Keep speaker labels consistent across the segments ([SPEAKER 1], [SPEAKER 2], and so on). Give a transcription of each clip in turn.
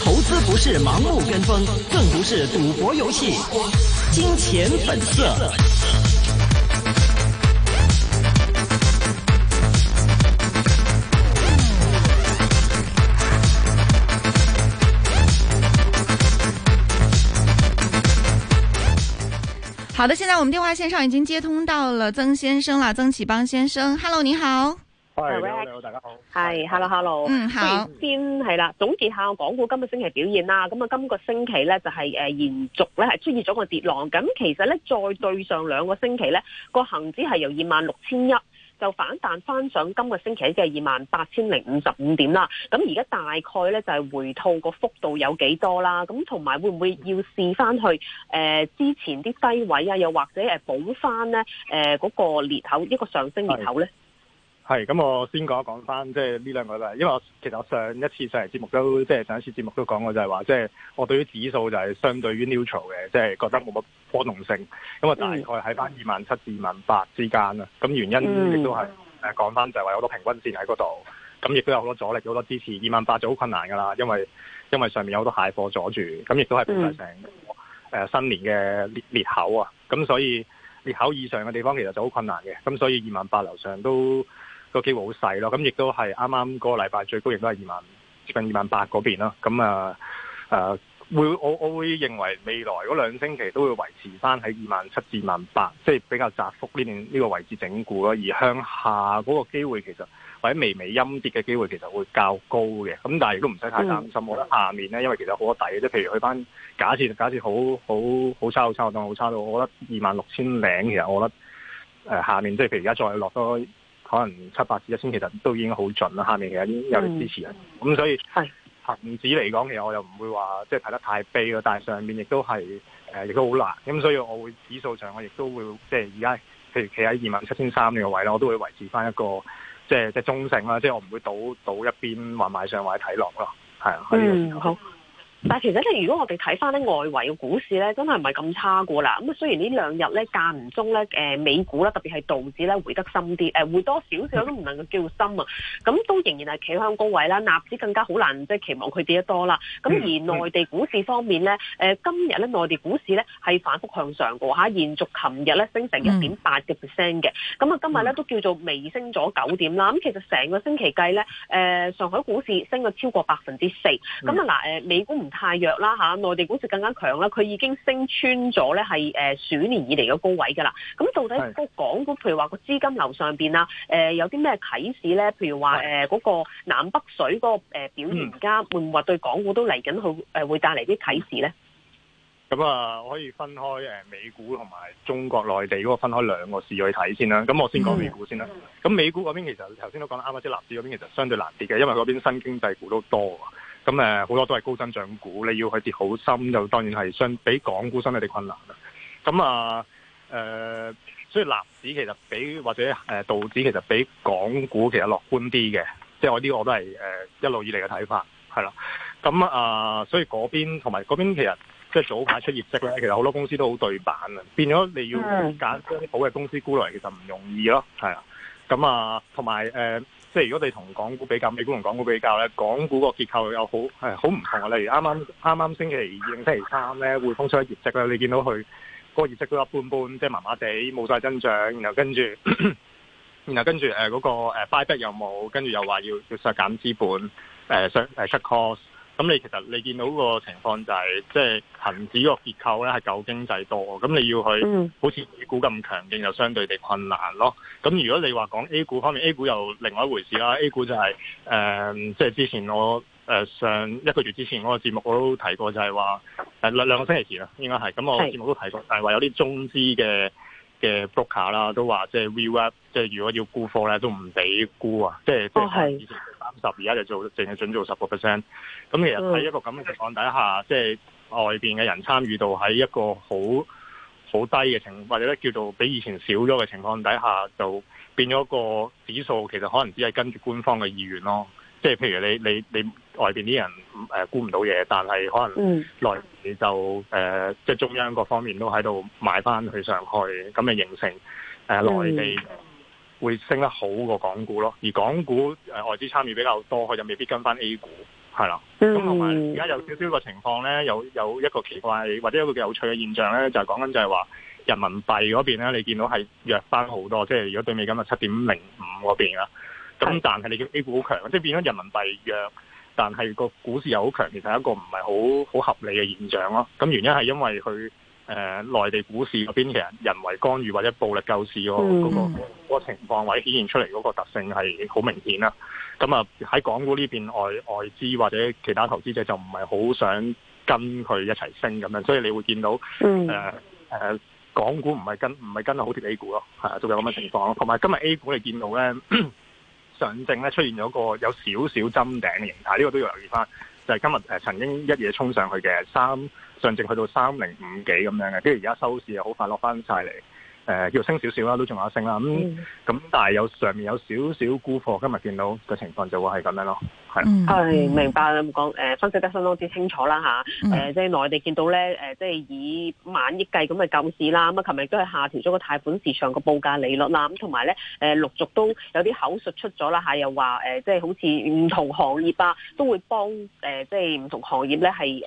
[SPEAKER 1] 投資不是
[SPEAKER 2] 盲目跟風，更不是賭博遊戲，金錢本色。
[SPEAKER 3] 好的，現在我們電話線上已經接通到了曾先生了，曾啟邦先生。Hello，你好。
[SPEAKER 2] 係，你好，大家好。係，hello，hello。嗯，好。先係啦，總結下，港股今個星期表現啦。咁啊，今個星期咧就係、是、誒、呃，延續咧係出現咗個跌浪。咁其實咧，再對上兩個星期咧，個恆指係由二萬六千一就反彈翻上今個星期嘅二萬八千零五十五點啦。咁而家大概咧就係、是、回吐個幅度有幾多啦？咁同埋會唔會要試翻去誒、呃、之前啲低位啊？又或者誒補翻咧誒嗰個裂口一、個上升裂口咧？
[SPEAKER 1] 係，咁我先講一講翻，即係呢兩個禮拜，因為我其實我上一次上嚟節目都即係、就是、上一次節目都講過就，就係話，即係我對於指數就係相對於 neutral 嘅，即、就、係、是、覺得冇乜波動性，咁啊大概喺翻二萬七至二萬八之間啦。咁、嗯、原因亦都係誒講翻，嗯、就係話有好多平均線喺嗰度，咁亦都有好多阻力，好多支持。二萬八就好困難㗎啦，因為因為上面有好多蟹貨阻住，咁亦都係成個成新年嘅裂裂口啊。咁、嗯、所以裂口以上嘅地方其實就好困難嘅，咁所以二萬八樓上都，個機會好細咯，咁亦都係啱啱嗰個禮拜最高亦都係二萬接近二萬八嗰邊咯，咁啊誒，會我我會認為未來嗰兩星期都會維持翻喺二萬七至二萬八，即係比較窄幅呢邊呢個位置整固咯，而向下嗰個機會其實或者微微陰跌嘅機會其實會較高嘅，咁但係亦都唔使太擔心，嗯、我覺得下面呢，因為其實好多底即係譬如去翻假設假設好好好差好差，好差，我覺得二萬六千零其實我覺得誒、呃、下面，即係譬如而家再落多。可能七八至一千，其實都已經好準啦。下面其實有力支持啊。咁、嗯、所以係恒指嚟講，其實我又唔會話即係睇得太悲咯。但係上面亦都係誒，亦都好難。咁所以，我會指數上，我亦都會即係而家譬如企喺二萬七千三呢個位咧，我都會維持翻一個即係即係中性啦。即係我唔會倒倒一邊話買上位睇落咯。係啊，喺呢
[SPEAKER 2] 但其實咧，如果我哋睇翻咧外圍嘅股市咧，真係唔係咁差過啦。咁啊，雖然兩呢兩日咧間唔中咧，美股啦，特別係道指咧回得深啲，誒、呃、回多少少都唔能夠叫深啊。咁都仍然係企向高位啦，納指更加好難即係期望佢跌得多啦。咁而內地股市方面咧、呃，今日咧內地股市咧係反覆向上嘅嚇、啊，延續琴日咧升成一點八嘅 percent 嘅。咁啊，今日咧都叫做微升咗九點啦。咁其實成個星期計咧、呃，上海股市升咗超過百分之四。咁啊嗱，美股唔太弱啦，吓內地股市更加強啦，佢已經升穿咗咧，係誒鼠年以嚟嘅高位噶啦。咁到底個港股，譬如話個資金流上邊啊，誒有啲咩啟示咧？譬如話誒嗰個南北水嗰個誒表現，而家會唔會對港股都嚟緊佢誒會帶嚟啲啟示咧？
[SPEAKER 1] 咁啊，我可以分開誒
[SPEAKER 2] 美股同埋
[SPEAKER 1] 中國內地嗰個分開兩個市去睇先啦。咁我先講美股先啦。咁美股嗰邊其實頭先都講啱啱啊，即係納指嗰邊其實相對難啲嘅，因為嗰邊新經濟股都多啊。咁誒好多都係高增長股，你要去跌好深就當然係相比港股身嚟啲困難啦。咁啊、呃、所以立指其實比或者、呃、道指其實比港股其實樂觀啲嘅，即係我呢個我都係、呃、一路以嚟嘅睇法係啦。咁啊、呃，所以嗰邊同埋嗰邊其實即係早排出業績咧，其實好多公司都好對版啊，變咗你要揀啲好嘅公司沽落嚟，其實唔容易咯，係啊。咁啊，同埋誒。即係如果你同港股比較，美股同港股比較咧，港股個結構又好係好唔同。例如啱啱啱啱星期二、星期三咧，匯豐出咗業績咧，你見到佢個業績都一般般，即係麻麻地冇晒增長。然後跟住，然後跟住誒嗰個誒 buy back 又冇，跟住又話要要削減資本誒，想 cut cost。咁你其實你見到個情況就係，即係恆指個結構咧係舊經濟多，咁你要去好似美股咁強勁就相對地困難咯。咁如果你話講 A 股方面，A 股又另外一回事啦。A 股就係、係、誒，即、嗯、係、就係、之前我上一個月之前嗰個節目我都提過就，就係話兩兩個星期前啦，應該係咁，咁我嗰節目都提過，係話是有啲中資嘅嘅 broker 啦，都話即係 rework，即係如果要沽貨咧都唔俾沽啊，即係即十而家就做，淨係準做十個 percent。
[SPEAKER 3] 咁其實喺一個
[SPEAKER 1] 咁嘅情況底下，即係外邊嘅人參與度喺一個好好低嘅情況，或者咧叫做比以前少咗嘅情況底下，就變咗個指數，其實可能只係跟住官方嘅意願咯。即係譬如你你你外邊啲人誒、呃、估唔到嘢，但係可能內地就誒即係中央各方面都喺度買翻去上去咁就形成誒內地。呃嗯會升得好過港股咯，而港股誒、呃、外資參與比較多，佢就未必跟翻 A 股係啦。咁同埋而家有少少個情況咧，有有一個奇怪或者有一個有趣嘅現象咧，就係講緊就係話人民幣嗰邊咧，你見到係弱翻好多，即係如果對美金係七點零五嗰邊啦。咁但係你嘅 A 股好強，即、就、係、是、變咗人民幣弱，但係個股市又好強，其實係一個唔係好好合理嘅現象咯。咁原因係因為佢。誒、呃，內地股市嗰邊其實人為干預或者暴力救市嗰，那個嗰個嗰個情況，或者顯現出嚟嗰個特性係好明顯啦。咁啊，喺港股呢邊外外資或者其他投資者就唔係好想跟佢一齊升咁樣，所以你會見到誒、mm. 呃、港股唔係跟唔係跟得好貼 A 股咯，係啊，都有咁嘅情況。同埋今日 A 股你見到咧，上證咧出現咗個有少少針頂嘅形態。呢，這個都要留意翻。就係，是，今日曾經一夜衝上去嘅三。上證去到三零五幾咁樣嘅，跟住而家收市又好快落翻晒嚟，誒、呃、叫升少少啦，都仲、嗯嗯、有升啦。咁咁，但係有上面有少少沽貨，今日見到
[SPEAKER 2] 嘅情況就會係咁樣咯，係、嗯嗯哎、明白咁講、呃、分析得相當之清楚啦吓，即係內地見到咧誒，即係以萬億計咁嘅救市啦。咁、呃、啊，琴日都係下調咗個貸款市場個報價利率啦，咁同埋咧誒，陸、呃呃、續都有啲口述出咗啦嚇，又話誒，即係好似唔同行業啊，都會幫誒，即係唔同行業咧係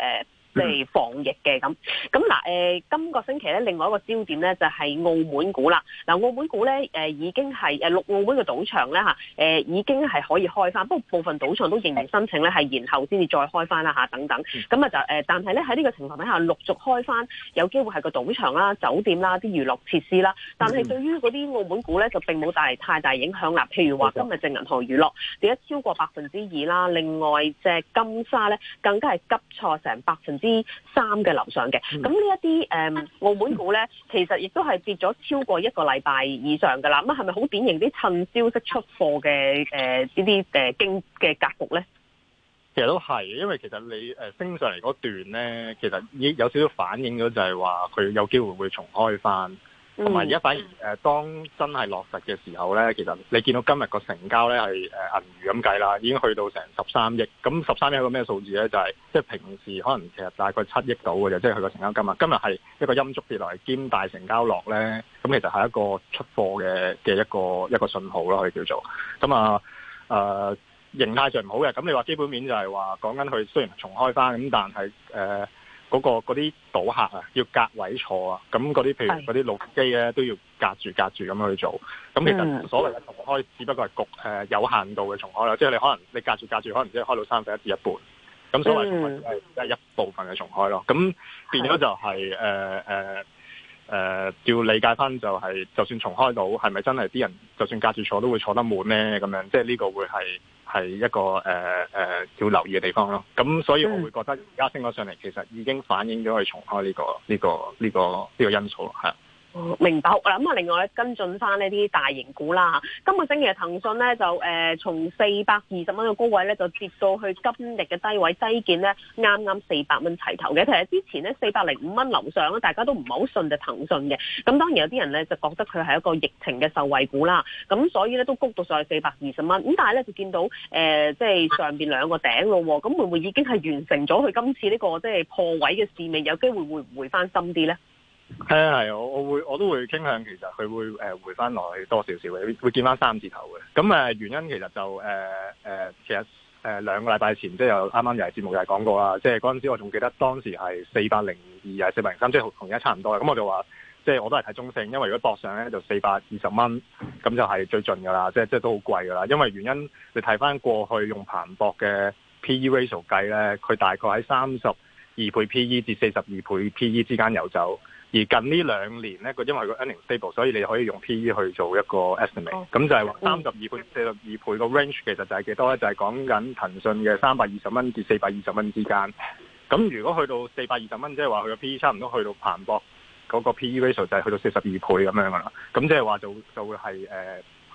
[SPEAKER 2] 即係、嗯、防疫嘅咁咁嗱誒，今個星期咧，另外一個焦點咧就係、是、澳門股啦。嗱、呃，澳門股咧誒已經係誒、呃、澳門嘅賭場咧嚇誒已經係可以開翻，不過部分賭場都仍然申請咧係然後先至再開翻啦嚇等等。咁啊就誒、呃，但係咧喺呢個情況底下陸續開翻，有機會係個賭場啦、酒店啦、啲娛樂設施啦。但係對於嗰啲澳門股咧就並冇帶嚟太大影響啦。譬如話、嗯、哼今日隻銀河娛樂跌咗超過百分之二啦，另外隻金沙咧更加係急挫成百分之三嘅樓上嘅，咁呢一啲誒澳門股咧，其實亦都係跌咗超過一個禮拜以上㗎喇。咁係咪好典型啲趁消息出貨嘅誒呢啲誒經嘅格局咧？
[SPEAKER 1] 其實都係，因為其實你誒升上嚟嗰段咧，其實有少少反映咗就係話佢有機會會重開返。同埋而家反而當真係落實嘅時候咧，其實你見到今日個成交咧係銀魚咁計啦，已經去到成十三億。咁十三億個咩數字咧，就係即係平時可能其實大概七億到嘅啫，即係佢個成交金啊。今日係一個陰燭跌落嚟兼大成交落咧，咁其實係一個出貨嘅嘅一個一個信號咯，可以叫做咁啊誒形態上唔好嘅。咁你話基本面就係話講緊佢雖然重開翻咁，但係誒。呃嗰個嗰啲賭客啊，要隔位坐啊，咁嗰啲譬如嗰啲老機咧都要隔住隔住咁樣去做。咁其實所謂嘅、呃、重開，只不過係局誒有限度嘅重開啦，即係你可能你隔住隔住，可能即係開到三分一至一半。咁所謂嘅即係一部分嘅重開咯。咁變咗就係誒誒誒，呃呃呃、理解翻就係、是，就算重開到，係咪真係啲人就算隔住坐都會坐得滿咧？咁樣即係呢個會係。係一個誒誒、呃呃、要留意嘅地方咯，咁所以我會覺得而家升咗上嚟，其實已經反映咗佢重開呢個呢個呢個呢個因素咯，係。明
[SPEAKER 2] 白好啦咁啊，另外跟進翻呢啲大型股啦。今個星期啊，騰訊咧就誒、呃、從四百二十蚊嘅高位咧，就跌到去今日嘅低位低見咧，啱啱四百蚊齊頭嘅。其實之前咧四百零五蚊樓上咧，大家都唔係好信就騰訊嘅。咁當然有啲人咧就覺得佢係一個疫情嘅受惠股啦。咁所以咧都谷到上去四百二十蚊。咁但係咧就見到即係、呃就是、上邊兩個頂咯。咁會唔會已經係完成咗佢今次呢、這個即係、就是、破位嘅使命？有機會會唔會翻深啲咧？
[SPEAKER 1] 係啊，係我、啊、我會我都會傾向，其實佢會誒、呃、回翻來多少少嘅，會見翻三字頭嘅。咁誒、呃、原因其實就誒誒、呃呃，其實誒兩個禮拜前即係又啱啱又係節目又係講過啦。即係嗰陣時我仲記得當時係四百零二啊，四百零三，即係同而家差唔多啦。咁我就話即係我都係睇中性，因為如果博上咧就四百二十蚊，咁就係最盡噶啦，即係即係都好貴噶啦。因為原因你睇翻過去用彭博嘅 P/E ratio 計咧，佢大概喺三十二倍 P/E 至四十二倍 P/E 之間遊走。而近呢兩年咧，佢因為個 earning stable，所以你可以用 P E 去做一個 estimate、哦。咁就係話三十二倍、四十二倍個 range，其實就係幾多咧？就係、是、講緊騰訊嘅三百二十蚊至四百二十蚊之間。咁如果去到四百二十蚊，即係話佢個 P E 差唔多去到彭博嗰個 P E ratio 就係去到四十二倍咁樣噶啦。咁即係話就就，就會係誒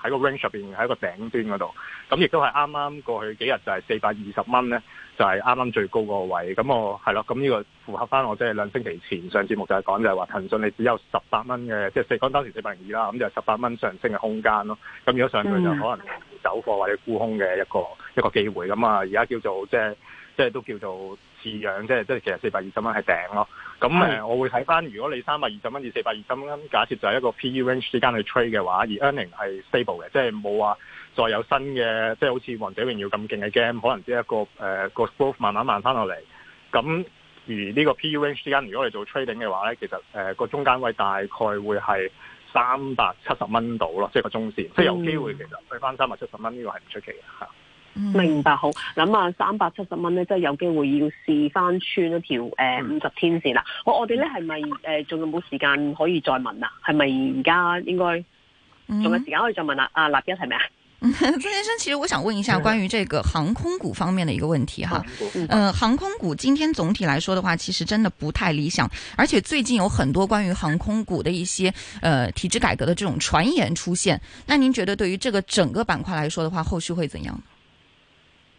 [SPEAKER 1] 喺個 range 入邊喺一個頂端嗰度，咁亦都係啱啱過去幾日就係四百二十蚊咧，就係啱啱最高個位。咁我係咯，咁呢個符合翻我即係兩星期前上節目就係講就係話騰訊你只有十八蚊嘅，即係四講當時四百零二啦，咁就十八蚊上升嘅空間咯。咁如果上去，就可能走貨或者沽空嘅一個一個機會。咁啊，而家叫做即係即係都叫做。二樣即係即係其實四百二十蚊係頂咯，咁誒的我會睇翻如果你三百二十蚊至四百二十蚊，假設就係一個 P U range 之間去 trade 嘅話，而 earnings 係 stable 嘅，即係冇話再有新嘅，即係好似《王者榮耀》咁勁嘅 game，可能只係一個誒個、呃、growth 慢慢慢翻落嚟。咁而呢個 P U range 之間，如果你做 trading 嘅話咧，其實誒個、呃、中間位大概會係三百七十蚊到咯，即係個中線，嗯、即係有機會其實去翻三百七十蚊呢個係唔出奇嘅嚇。
[SPEAKER 2] 明白好，諗下三百七十蚊咧，真係有機會要試翻穿一條誒五十天線啦。我我哋咧，係咪誒仲有冇時間可以再問啊？係咪而家應該仲有時間可以再問、嗯、啊？阿立一係咪啊？曾、
[SPEAKER 3] 嗯、先生，其實我想問一下關於這個航空股方面的一個問題、嗯、哈。嗯、呃，航空股今天總體來說的話，其實真的不太理想，而且最近有很多關於航空股的一些呃體制改革的這種傳言出現。那您覺得對於這個整個板塊來說的話，後續會怎樣？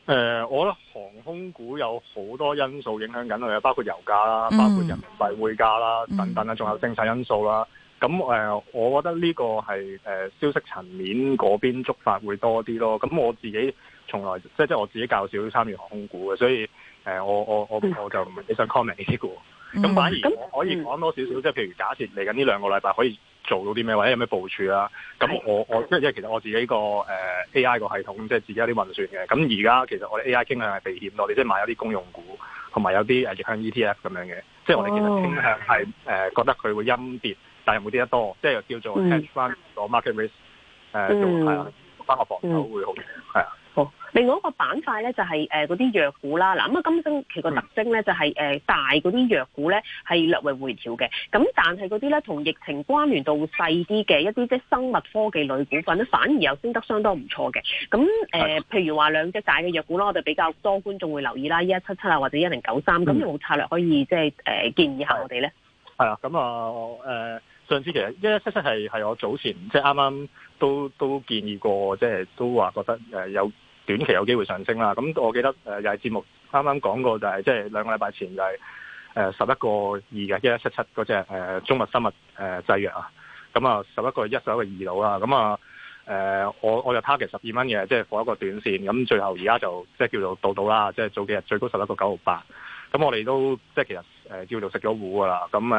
[SPEAKER 1] 誒、呃，我覺得航空股有好多因素影響緊佢啊，包括油價啦，包括人民幣匯價啦，嗯、等等啊，仲有政策因素啦。咁、嗯、誒、呃，我覺得呢個係誒、呃、消息層面嗰邊觸發會多啲咯。咁、嗯、我自己從來即係即係我自己較少參與航空股嘅，所以誒、呃、我我我、嗯、我就唔係幾想 comment 呢啲嘅。
[SPEAKER 3] 咁、嗯、反而我
[SPEAKER 1] 可以講多少少，即係譬如假設嚟緊呢兩個禮拜可以。做到啲咩或者有咩部署啦？咁我我即係因為其實我自己、個誒、呃、AI 個系統即係自己有啲運算嘅。咁而家其實我哋 AI 傾向係避險，我哋即係買咗啲公用股同埋有啲誒逆向 ETF 咁樣嘅。即係我哋其實傾向係誒、呃、覺得佢會陰跌，但係冇跌得多，即係叫做 catch 翻個 market risk 誒做係啊，翻個防守會好啲啊。Hmm. Mm hmm. mm hmm. mm hmm.
[SPEAKER 2] 另外一個板塊咧，就係誒嗰啲藥股啦。嗱咁啊，今星期個特徵咧，就係誒大嗰啲藥股咧係略為回調嘅。咁但係嗰啲咧同疫情關聯度細啲嘅一啲即係生物科技類股份咧，反而又升得相當唔錯嘅。咁誒，呃、是的 譬如話兩隻大嘅藥股啦，我哋比較多觀眾會留意啦，一一七七啊，或者一零九三。咁有冇策略可以即係誒建議一下我哋咧？係啊，咁啊誒，上次其實一一七七係係
[SPEAKER 1] 我早前即係啱啱都都建議過，即係都話覺得誒有。短期有機會上升啦，咁我記得誒又係節目啱啱講過、就是，就係即係兩個禮拜前就係誒十一個二嘅一一七七嗰隻誒中物生物誒製藥啊，咁啊十一個一，十一個二到啦，咁啊誒我我就 target 十二蚊嘅，即係過一個短線，咁、嗯、最後而家就即係、就是、叫做到到啦，即、就、係、是、早幾日最高十一個九毫八。咁我哋都即係其實誒、呃、叫做食咗糊噶啦，咁誒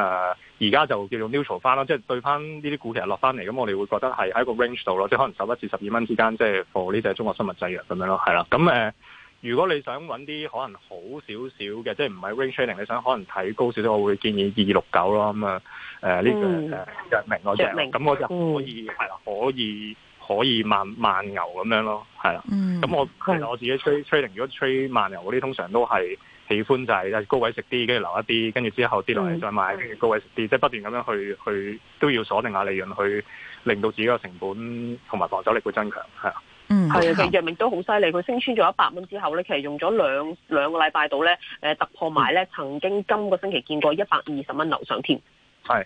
[SPEAKER 1] 而家就叫做 neutral 翻啦，即係對翻呢啲股其實落翻嚟，咁我哋會覺得係喺個 range 度咯，即係可能十一至十二蚊之間，即係 for 呢隻中國生物製藥咁樣咯，係啦。咁誒、呃，如果你想搵啲可能好少少嘅，即係唔係 range trading，你想可能睇高少少，我會建議二六九咯，咁啊誒呢個誒藥、呃、名嗰隻，咁我就可以係可以可以慢慢牛咁樣咯，係啦。咁、嗯、我是其實我自己 t r a d i n g 如果 tray 慢牛嗰啲通常都係。喜歡就係高位食啲，跟住留一啲，跟住之後跌落嚟再買，嗯、高位食啲，即、係、不斷咁樣去去都要鎖定下利潤，去令到自己個成本同埋防守力會增強，係啊，嗯，
[SPEAKER 2] 其實藥明都好犀利，佢升穿咗一百蚊之後咧，其實用咗兩兩個禮拜到咧，誒、呃、突破埋咧，嗯、曾經今個星期見過一百二十蚊樓上添，係。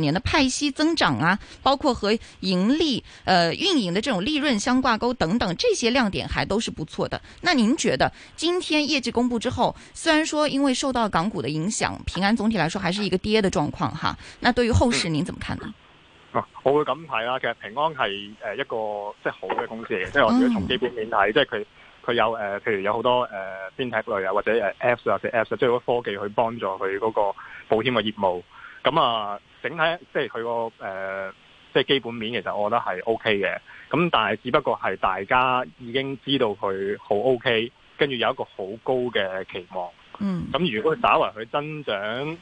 [SPEAKER 3] 年的派息增長啊，包括和盈利，呃運營的這種利潤相掛鈎等等，這些亮點還都是不錯的。那您覺得今天業績公布之後，雖然說因為受到港股的影響，平安總體來說還是一個跌的狀況哈、啊。那對於後市您怎麼看呢？
[SPEAKER 1] 我我會咁睇啦，其實平安係誒一個、呃、一個即係好嘅公司嚟嘅，即係我如果從基本面睇，即係佢佢有誒、呃，譬如有好多誒，偏、呃、體類啊或者誒 apps、啊、或者 apps 即、啊、係嗰、就是、科技去幫助佢嗰個保險嘅業務咁啊。整體即係佢個誒，即係、呃、基本面其實我覺得係 OK 嘅。咁但係只不過係大家已經知道佢好 OK，跟住有一個好高嘅期望。嗯。咁如果稍為佢增長誒、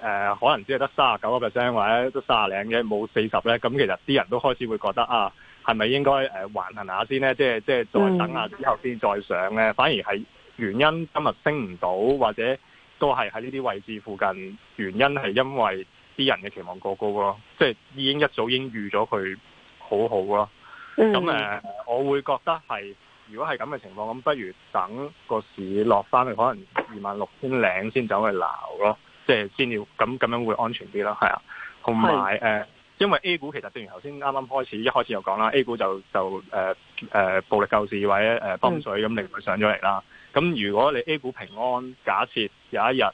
[SPEAKER 1] 呃，可能只係得三啊九個 percent，或者都三啊零嘅冇四十咧，咁其實啲人都開始會覺得啊，係咪應該誒橫行下先咧？即係即係再等下之後先再上咧？反而係原因今日升唔到，或者都係喺呢啲位置附近，原因係因為。啲人嘅期望過高咯，即係已經一早已經預咗佢好好咯。咁誒、嗯呃，我會覺得係如果係咁嘅情況，咁不如等個市落翻去，可能二萬六千零先走去撈咯，即係先要咁咁樣，樣會安全啲咯。係啊，
[SPEAKER 3] 同埋
[SPEAKER 1] 誒，因為 A 股其實正如頭先啱啱開始一開始就講啦，A 股就就誒誒、呃、暴力救市或者誒泵水咁、嗯、令佢上咗嚟啦。咁如果你 A 股平安，假設有一日誒、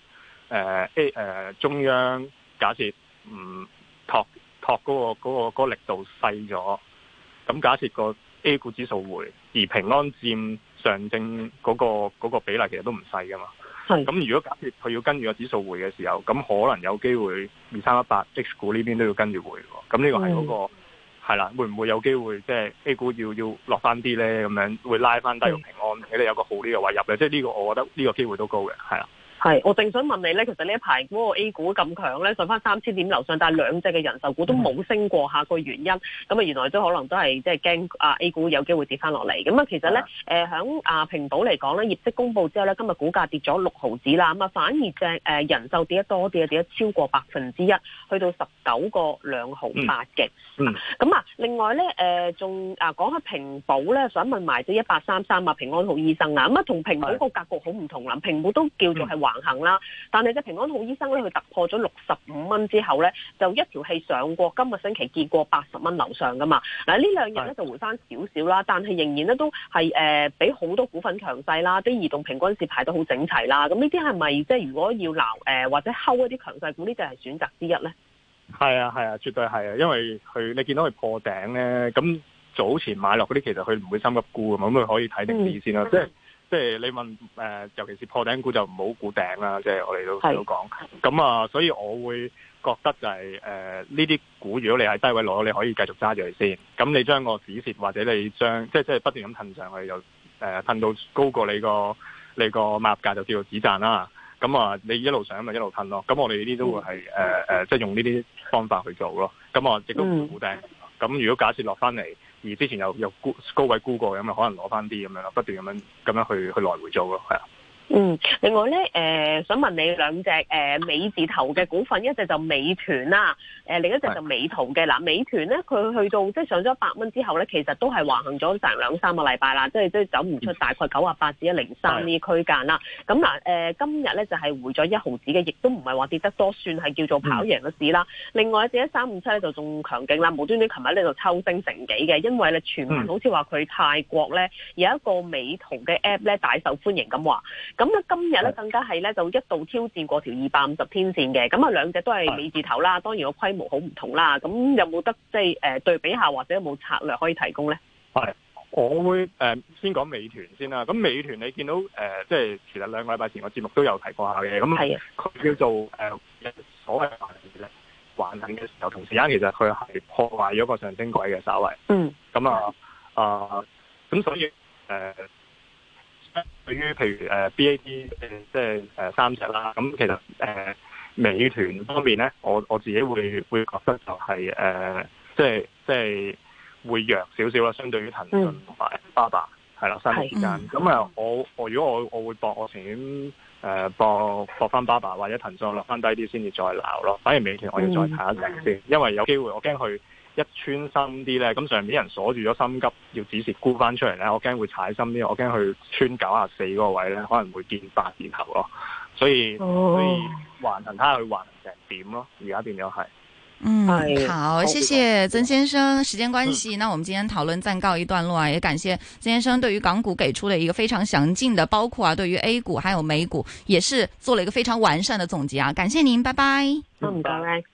[SPEAKER 1] 呃、A 誒、呃、中央。假設唔、嗯、托托嗰、那個、那個、那個力度細咗，咁假設個 A 股指數回，而平安佔上證嗰、那個、那個比例其實都唔細噶嘛。咁是如果假設佢要跟住個指數回嘅時候，咁可能有機會二三一八 H 股呢邊都要跟住回的。咁呢個係嗰、那個係啦是，會唔會有機會即係、就是、A 股要要落翻啲咧？咁樣會拉翻低，用平安你哋的有一個好呢個位入嘅，即係呢個我覺得呢個機會都高嘅，係啊。
[SPEAKER 2] 係，我正想問你咧，其實呢一排嗰個 A 股咁強咧，上翻三千點樓上，但係兩隻嘅人壽股都冇升過下，個原因咁啊，mm. 原來都可能都係即係驚啊 A 股有機會跌翻落嚟。咁啊，其實咧，誒響啊平保嚟講咧，業績公布之後咧，今日股價跌咗六毫子啦，咁啊反而隻誒人壽跌得多啲啊，跌得超過百分之一，去到十九個兩毫八嘅。咁、mm. 啊，另外咧，誒仲啊講下平保咧，想問埋隻一八三三啊平安好醫生啊，咁啊同平保個格局好唔同啦，平、mm. 保都叫做係行啦，但係隻平安好醫生咧，佢突破咗六十五蚊之後咧，就一條氣上過，今個星期見過八十蚊樓上噶嘛。嗱，呢兩日咧就回翻少少啦，但係仍然咧都係誒、呃，比好多股份強勢啦，啲移動平均線排得好整齊啦。咁呢啲係咪即係如果要留誒、呃、或者睺一啲強勢股呢？就係選擇之一咧？
[SPEAKER 1] 係啊係啊，絕對係啊，因為佢你見到佢破頂咧，咁早前買落嗰啲其實佢唔會心急沽啊嘛，咁佢可以睇定啲先啦，嗯、即係是。嗯即係你問誒、呃，尤其是破頂股就唔好估頂啦。即係我哋都都講咁啊，所以我會覺得就係誒呢啲股，如果你係低位攞，你可以繼續揸住佢先。咁你將個止蝕或者你將即係即係不斷咁噴上去，又誒噴到高過你個你個買價就叫做止賺啦。咁啊，你，你一路上咁咪一路噴咯。咁我哋呢啲都會係誒、嗯呃、即係用呢啲方法去做咯。咁啊，亦都唔估頂。咁、嗯、如果假設落翻嚟。而之前又又高位沽過，咁啊，可能攞翻啲咁樣不斷咁樣咁樣去去來回做咯，係啊。
[SPEAKER 2] 嗯，另外咧，誒、呃，想問你兩隻誒、呃、美字頭嘅股份，一隻就美團啦，誒、呃，另一隻就美圖嘅嗱。的美團咧，佢去到即係上咗一百蚊之後咧，其實都係橫行咗成兩三個禮拜啦，即係即係走唔出大概九啊八至一零三呢區間啦。咁嗱的，誒、呃，今日咧就係、是、回咗一毫子嘅，亦都唔係話跌得多，算係叫做跑贏嘅市啦。嗯、另外一隻一三五七咧就仲強勁啦，無端端琴日呢度抽升成幾嘅，因為咧傳聞好似話佢泰國咧有一個美圖嘅 app 咧大受歡迎咁話。咁咧今日咧更加係咧，就一度挑戰過條二百五十天線嘅。咁啊，兩隻都係美字頭啦，的當然個規模好唔同啦。咁有冇得即係誒對比下，或者有冇策略可以提供咧？係
[SPEAKER 1] 我會誒、呃、先講美團先啦。咁美團你見到誒，即、呃、係其實兩個禮拜前個節目都有提過下嘅。咁佢叫做誒、呃、所謂橫行嘅時候，嘅，又同時間其實佢係破壞咗個上升軌嘅，稍微嗯咁啊啊咁所以誒。呃對於譬如誒 B A T 誒即係誒三隻啦，咁其實誒美團方面咧，我我自己會會覺得就係、是、誒、呃、即係即係會弱少少啦，相對於騰訊同埋巴巴係啦三隻之間。咁啊、嗯，的我我如果我我會博，我寧願誒博博翻巴巴或者騰訊落翻低啲先至再鬧咯。反而美團我要再睇一隻先，嗯、因為有機會我驚佢。一穿深啲咧，咁上面人鎖住咗，心急要指示沽翻出嚟咧，我驚會踩深啲，我驚佢穿九啊四嗰位咧，可能會見八字頭咯，所以、哦、所以橫行睇下佢橫成點咯，而家變咗係。嗯，
[SPEAKER 3] 是好，謝謝曾先生，哦、時間關係，嗯、那我們今天討論暫告一段落啊，也感謝曾先生對於港股給出了一個非常詳盡的，包括啊對於 A 股還有美股，也是做了一個非常完善的總結啊，感謝您，拜拜，拜拜。